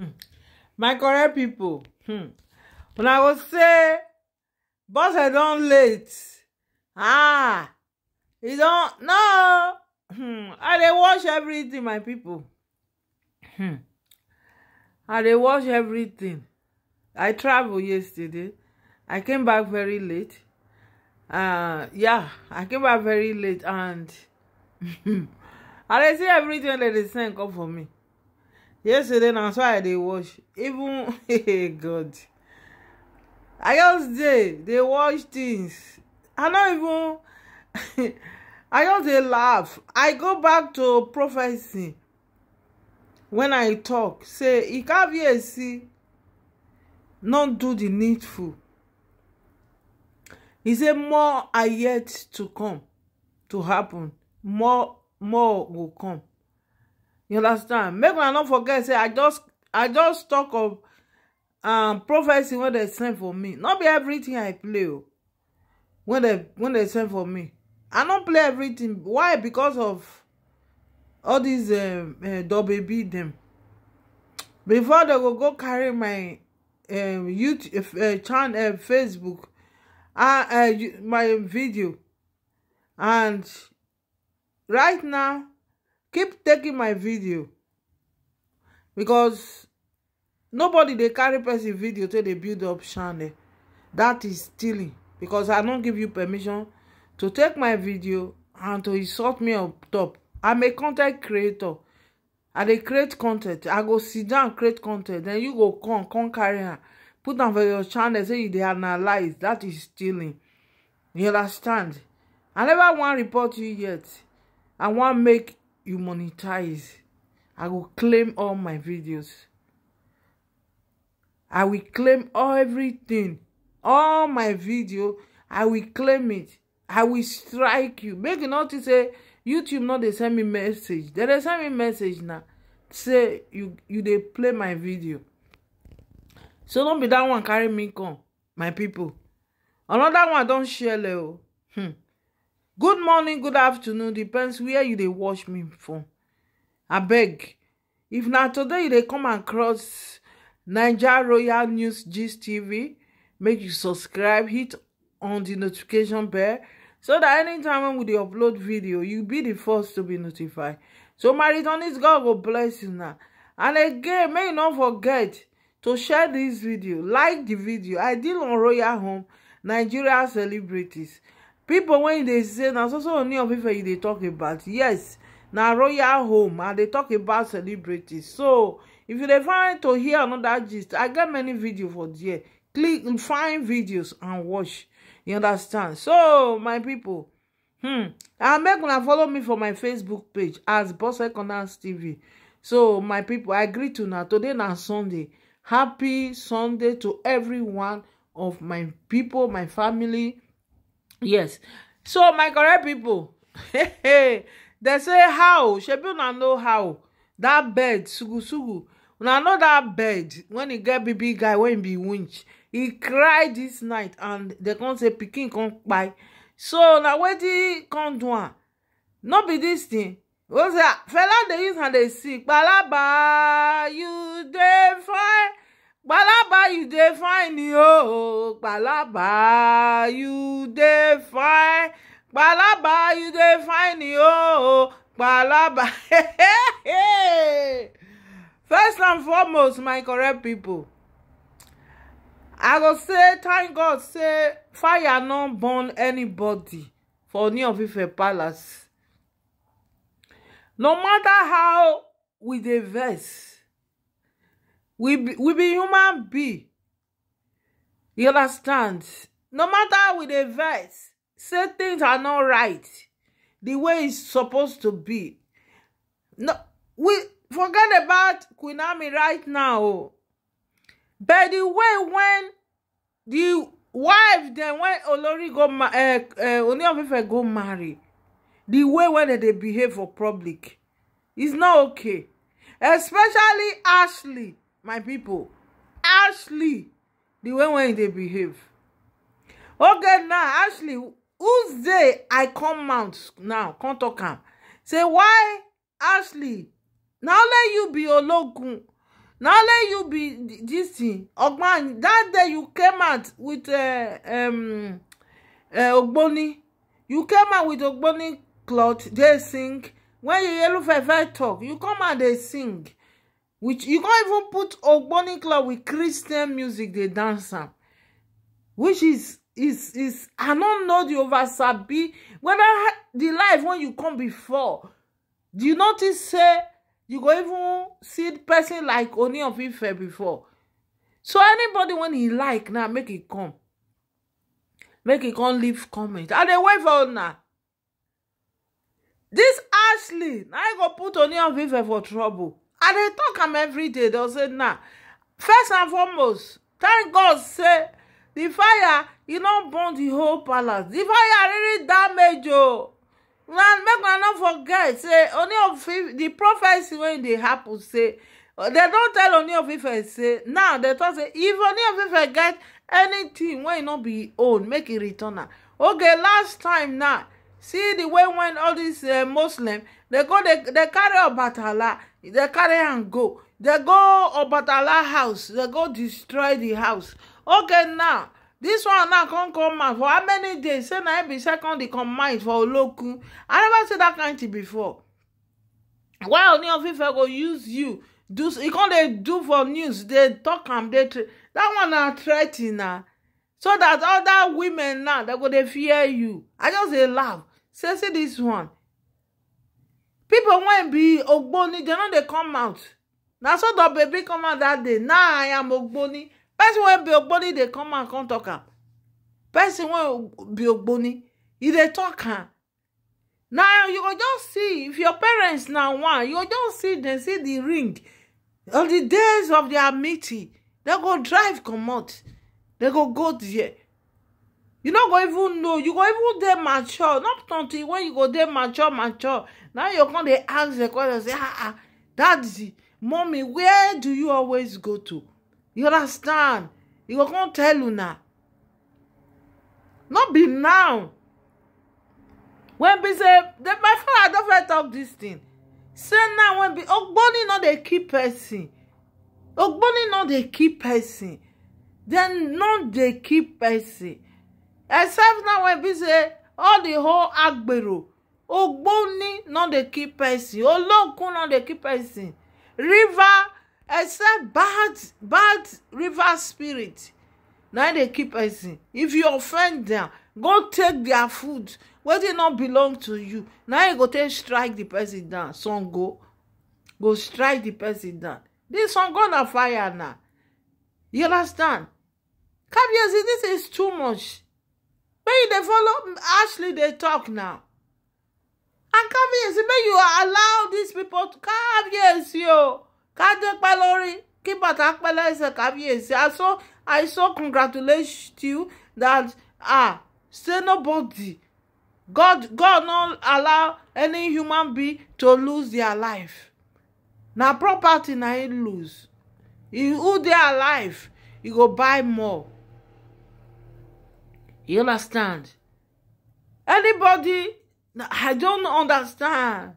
Hmm. my correct pipo hmm. una go say I don late ah e don no hmm. i dey wash everything my pipo i dey wash everything i travel yesterday i came back very late uh yeah i came back very late and i dey see everything dem dey send come for me yesterday na so i dey watch even god i just dey dey watch things i no even i just dey laugh i go back to prophecy when i talk say ikabiyesi no do the needful he say more are yet to come to happen more more go come you understand make una no forget say i just i just talk of um prophecy wey they send for me not be everything i play o oh. when they send for me i don't play everything why because of all these um, uh, dis wb them. before they will go carry my um, youtube uh, uh, channel facebook and my video and right now keep taking my video because nobody dey carry person video till they build up channel that is stealing because i don't give you permission to take my video and to insult me up top i'm a content creator i dey create content. i go sit down create content. then you go come come carry am put on for your channel say you dey analyse that is stealing you understand i never wan report you yet i wan make you monetize i will claim all my videos i will claim everything all my video i will claim it i will strike you make you notice say youtube not dey send me message They dey send me message now. say you you they play my video so don't be that one carry me come my people. Another one don't share o hmm good morning good afternoon depends where you dey watch me from abeg if na today you dey come across naija royal news gist tv make you subscribe hit on the notification bell so that anytime when we dey upload video you be the first to be notified so my returnees god go bless you now and again may you no forget to share this video like the video i deal on royal home nigeria celebrities People, when they say now, so so many of ife you they talk about yes now royal home and they talk about celebrities so if you dey find to hear another gist i got many videos for there click find videos and watch you understand so my people, hmm I make gonna follow me for my facebook page as boss boseconance tv so my people, i agree to now today na sunday happy sunday to every one of my people, my family yes so my correct people, dem say how shebi una know how dat bird sugusugu una know dat bird wen e get baby guy wey e be winch e cry dis night and dem come say pikin come kpai so na wetin come do am no be dis thing wey say fela dey use hand dey sing kpalaba you dey fine palaba you dey fine o palaba you dey fine palaba you dey fine o palaba first and foremost my correct people, i go say thank god say fire no burn anybody for new of palace no matter how we dey vex we be we be human be you understand no matter we dey vex say things are not right the way it's supposed to be no we forget about Queen Naomi right now o but the way when the wife dem when Olori go ma uh, uh, Ooni go marry the way wey dem dey behave for public is not okay especially Ashley my people, ashley the way wey e dey behave okay now ashley whose day i come out now come tok am say why ashley na only you be ologun na only you be dis thing ogbon that day you came out with uh, um uh, ogboni you came out with ogboni cloth dey sing when you elufefe tok you come out dey sing which you can't even put ogboni club with christian music dey dance which is is is i don't know the over sabi whether the life when you come before do you notice say you go even see the person like Oni of Ife before so anybody when he like now make it come make it come leave comment Are they wait for now? this Ashley now you go put Oni of Ife for trouble i dey tok am day. don say na first and foremost thank god say the fire e no burn the whole palace The fire really damage o oh. make una no forget say only of the prophecy wey dey happen say dem don tell oni of ife say now dem talk say if oni of ife get anything, wey e no be own make e return am okay last time now see the way when all these uh, muslim they go they they carry obatala they carry and go they go obatala house they go destroy the house okay now this one now come come out for how many days say now be second di command for olokun i never see that kind thing before why only of I go use you do e con dey do for news They talk and they that one na threatening na so dat other women now they go they fear you i just dey laugh say see this one People wey be ogboni They know they come out na so the baby come out that day now i am ogboni person wey be ogboni they come out come talk up. person wey be ogboni e they talk am Now you go just see if your parents now one you go just see they see the ring on the days of their meeting they go drive come out. They go go there you no go even know you go even dey mature not until when you go dey mature mature now you come dey ask the question say ah ah daddy mommy where do you always go to you understand you go come tell una no be now when be say the, my father don first talk this thing say now when be ogboni no dey kill person ogboni no dey kill person dem no dey kill person except now when be say all the whole agbero ogboni no dey kill person olókun no dey kill person river except bad bad river spirit na dey kill person if you offend dem go take their food wetin no belong to you na you go take strike the person down sun go go strike the person down this sun go na fire na you understand kabiyesi this is too much make you follow ashley they talk now and come here, kabiyesi may you allow these people to come here. See, dis pipo kabiyesi o kadepa lori kí bàtà Come here, see. i so i so congratulate you that ah say nobody god god no allow any human being to lose their life Now, property na he lose e who they alive he go buy more You understand? Anybody, I don't understand.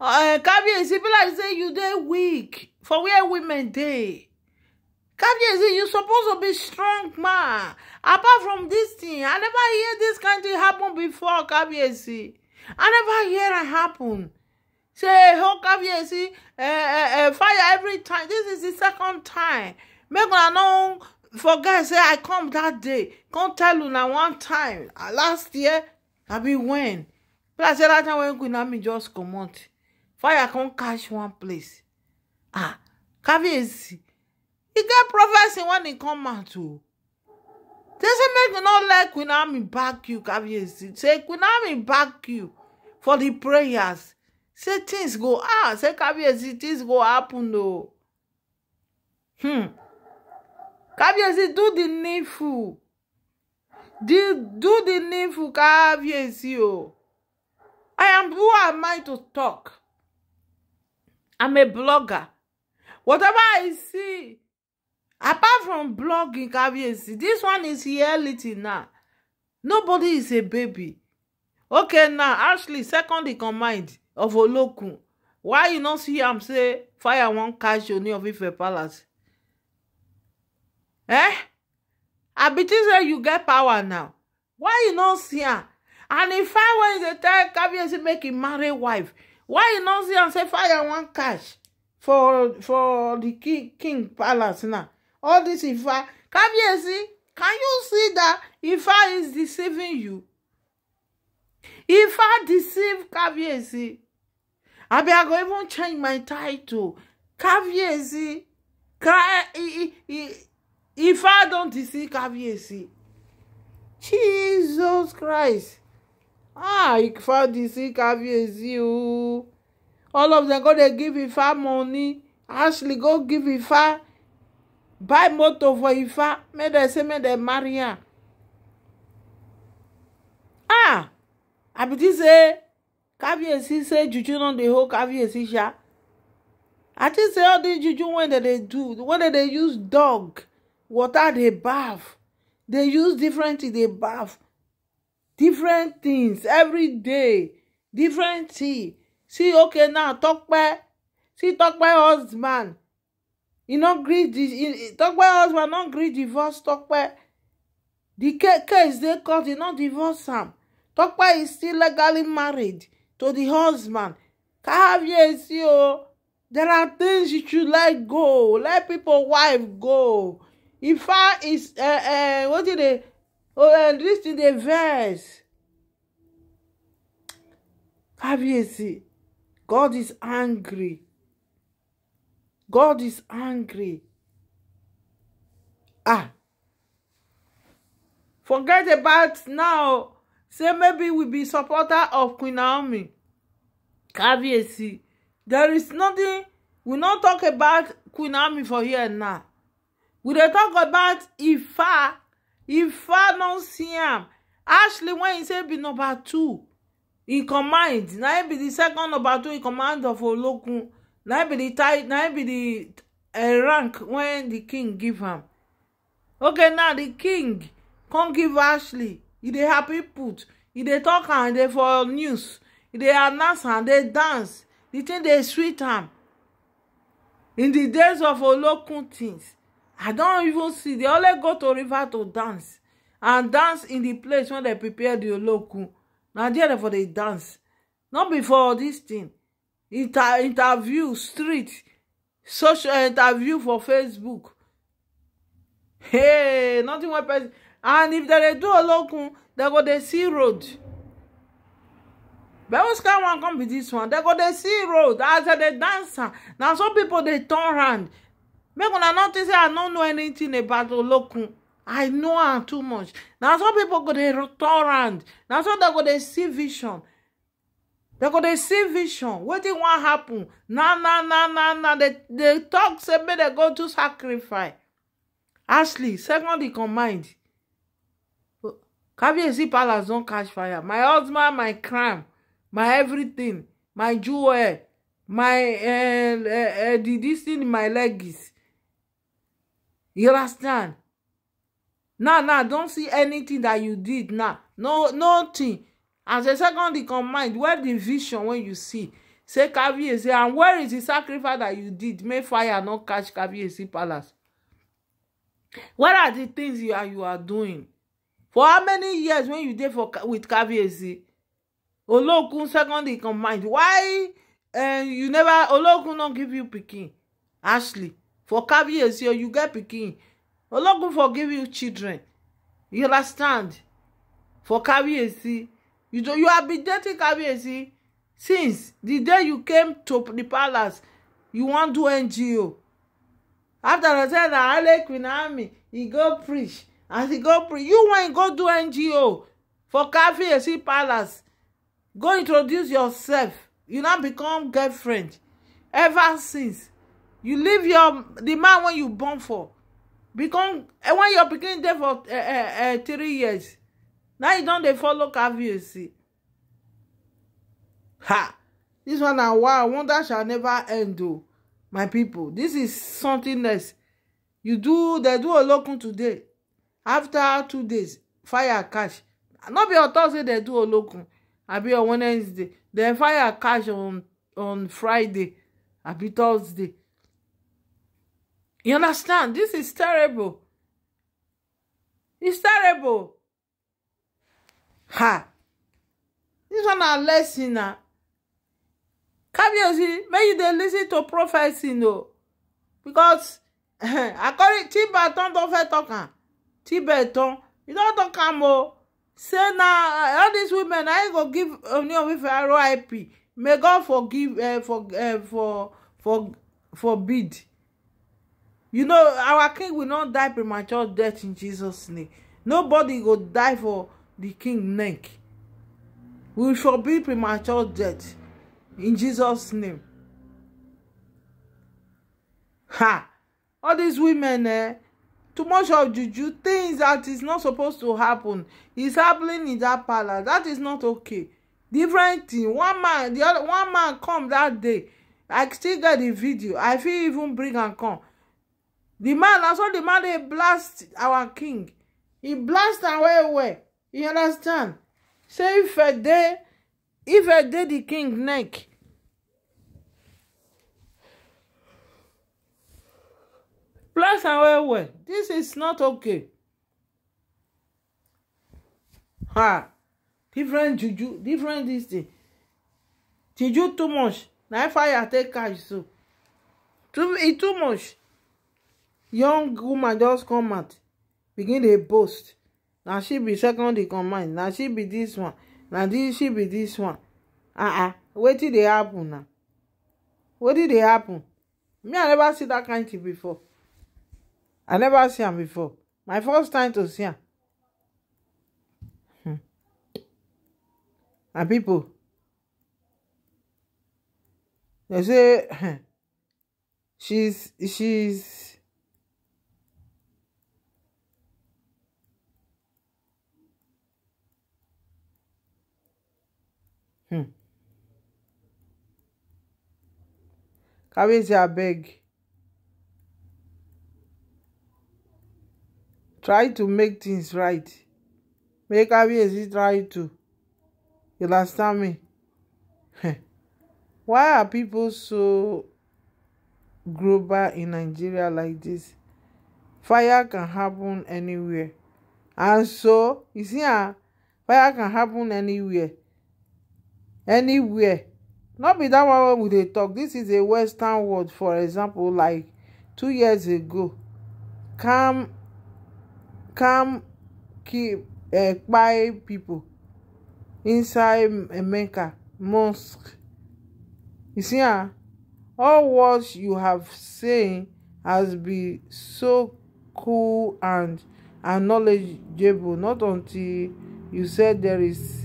Uh, Kabiyesi, be like say you day weak for where women day. dey. Kabiyesi, you supposed to be strong man. Apart from this thing, I never hear this kind thing happen before, Kabiyesi. I never hear it happen. Say, oh, Kabiyesi, uh, uh, eh, uh, eh, fire every time. This is the second time. Make una no for guys say i come that day come tell una one time ah, last year i be wen but i say that time when queen army just comot fire come catch one place ah caviezi he get prophecy when he come out o oh. they say make you no let queen army back you caviezi say queen army back you for the prayers say things go ah say caviezi things go happen o oh. hmm kábíyèsí do the needful do the needful kábíyèsí i am who am i to talk i'm a blogger whatever i see apart from blogging kábíyèsí this one is reality now nobody is a baby okay now ashley second in command of olokun why you not see am say fire one cash only of Ife palace eh i be think say you get power now why you no see am and if i wey dey tell kabiyesi make he marry wife why you no see am say fire one cash for for the king king palace now all this if ifa kabiyesi can you see that if I is deceiving you If I deceive kabiyesi abi i go even change my title kabiyesi ka he he he. If I don't see Kábíyèsí. Jesus Christ. Ah, If I don't see Kábíyèsí o. All of them go dey give Ifa money. Ashley go give Ifa buy motor for Ifa. Make dem say make dem marry am. Ah, abi this say Kábíyèsí say juju no dey hold Kábíyèsí sha. I think say all these juju wey dem dey do, wey dem dey use dog water they baff They use different thing dey baff different things every day different tea see okay now talk by. see talk by husband e greet this. Talk by husband not greet divorce talk by. The case they court e not divorce him. Talk by is still legally married to the husband Have Kabiyesi o oh, there are things you should let go let people wife go Ifa is uh, eh, uh, eh, what do they oh uh, this is the verse. Obviously, God is angry. God is angry. Ah. Forget about now. Say maybe we be supporter of Queen Naomi. Obviously, There is nothing. We not talk about Queen Naomi for here now we dey talk about ifa ifa no see am ashley wen e say be number two e command na im be di second number two in command of olokun na im be di na im be di eh, rank wen di king give am okay now di king come give ashley e dey happy put e dey talk am dey for news e dey announce am dey dance di tin dey sweet am in di days of olokun tins i don't even see they only go to river to dance and dance in the place when they prepare the olokun Now, there for the dance not before this thing, inter interview street social interview for facebook hey nothing wey person and if they dey do olokun they go the sea road but which kind one come be this one They go the sea road as dem dey dance na so pipo dey turn round make una no think say i no know anything about olokun i know am too much na some people go dey torrent na some dem go dey see vision dem go dey see vision wetin wan happen na na na na na dey talk say make dem go do sacrifice ashley second in command kabiyesi palace don catch fire my husband my crime my everything my jewel my uh, uh, uh, the this thing my leggings You understand? Now, now, don't see anything that you did now. No, nothing. As a second in command, where the vision when you see? Say Kabiyesi, and where is the sacrifice that you did? May fire not catch Kabiyesi palace. What are the things you are you are doing? For how many years when you did for with Kabiyesi? Olokun second in command. Why uh, you never Olokun no give you picking, Ashley for kabiyesi o you get pikin ologun for give you children you understand for kabiyesi you do you have been dating kabiyesi since the day you came to the palace you wan do ngo after i tell na ale queen ami go preach as e go preach you wan go do ngo for kabiyesi palace go introduce yourself you now become girlfriend ever since you leave your the man wey you born for become eh, when your pikin dey for uh, uh, uh, three years now you don dey follow See, ha this one na wow wonder shall never end o oh, my people this is something else you do dey do olokun today after two days fire catch no be on thursday dey do olokun abi on wednesday dem fire catch on on friday abi thursday You understand? This is terrible. It's terrible. Ha! This one na lesson na. Kabiyesi, may you dey listen to prophecy no. Because according Tibet don don fair talk am. Tibet don. You don talk am Say na all these women na go give only oh, of Ife RIP. May God forgive uh, for uh, for for forbid you know our king will not die premature death in jesus name nobody go die for the king neck we shall be premature death in jesus name ha all these women eh too much of juju things that is not supposed to happen is happening in that palace that is not okay different thing one man the other one man come that day i still get the video i fit even bring am come the man I saw the man dey blast our king he blast am well well you understand say if i dey if i dey the king neck blast am well well this is not okay ha different juju different this thing juju too much na fire take catch so too it e too much young woman just come out begin dey boast na she be second in command na she be this one na she be this one ah ah wetin dey happen na wetin dey happen me i never see that kind thing before i never see am before my first time to see am hmm and people, dem say she's she's Hmm. Kabiyesi beg. try to make things right make Kabiyesi try to you understand me why are people so global in Nigeria like this fire can happen anywhere and so you see ah fire can happen anywhere anywhere no be that one wey we dey tok dis is a western world for example like two years ago kam kam kpai pipo inside mecca mosque you see am ah, all words you have saying has been so cool and and not until you said there is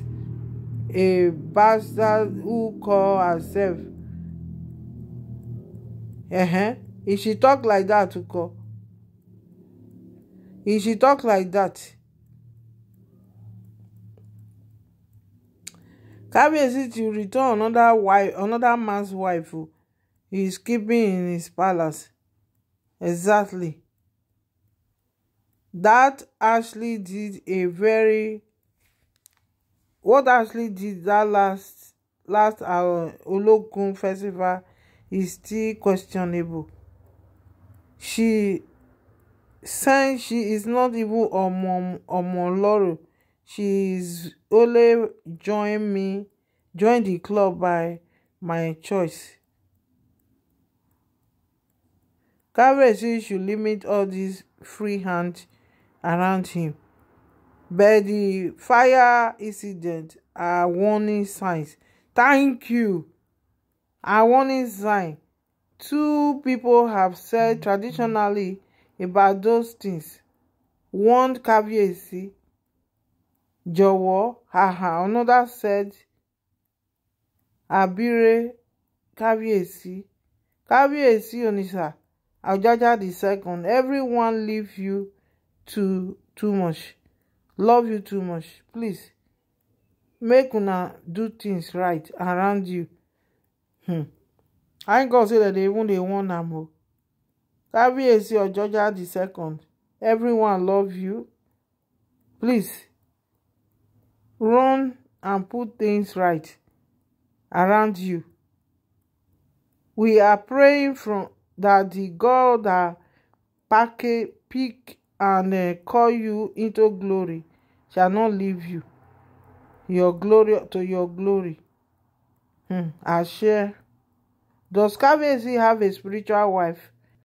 a bastard who call herself uh-huh. if she talk like that to call if she talk like that Kabiyesi to return another wife another man's wife o he is keeping in his palace exactly that Ashley did a very what actually did that last last our Olókun festival is still questionable she saying she is not even ọmọ ọmọ Ọlọ́run she is only join me join the club by my choice Kabiyesi should limit all this free hand around him but the fire incident are warning signs thank you a warning sign two people have said mm-hmm. traditionally about those things one kábíyèsí jọ̀wọ́ haha another said abire kábíyèsí kábíyèsí onisa Ajaja the second everyone leave you too too much love you too much please make una do things right around you hmm i gonna say that they even dey warn am o kabiyesi ojoja the second everyone love you please run and put things right around you we are praying from that the god that package pick and uh, call you into glory shall not leave you your glory to your glory hmm. àṣẹ does Kabiyesi have a spiritual wife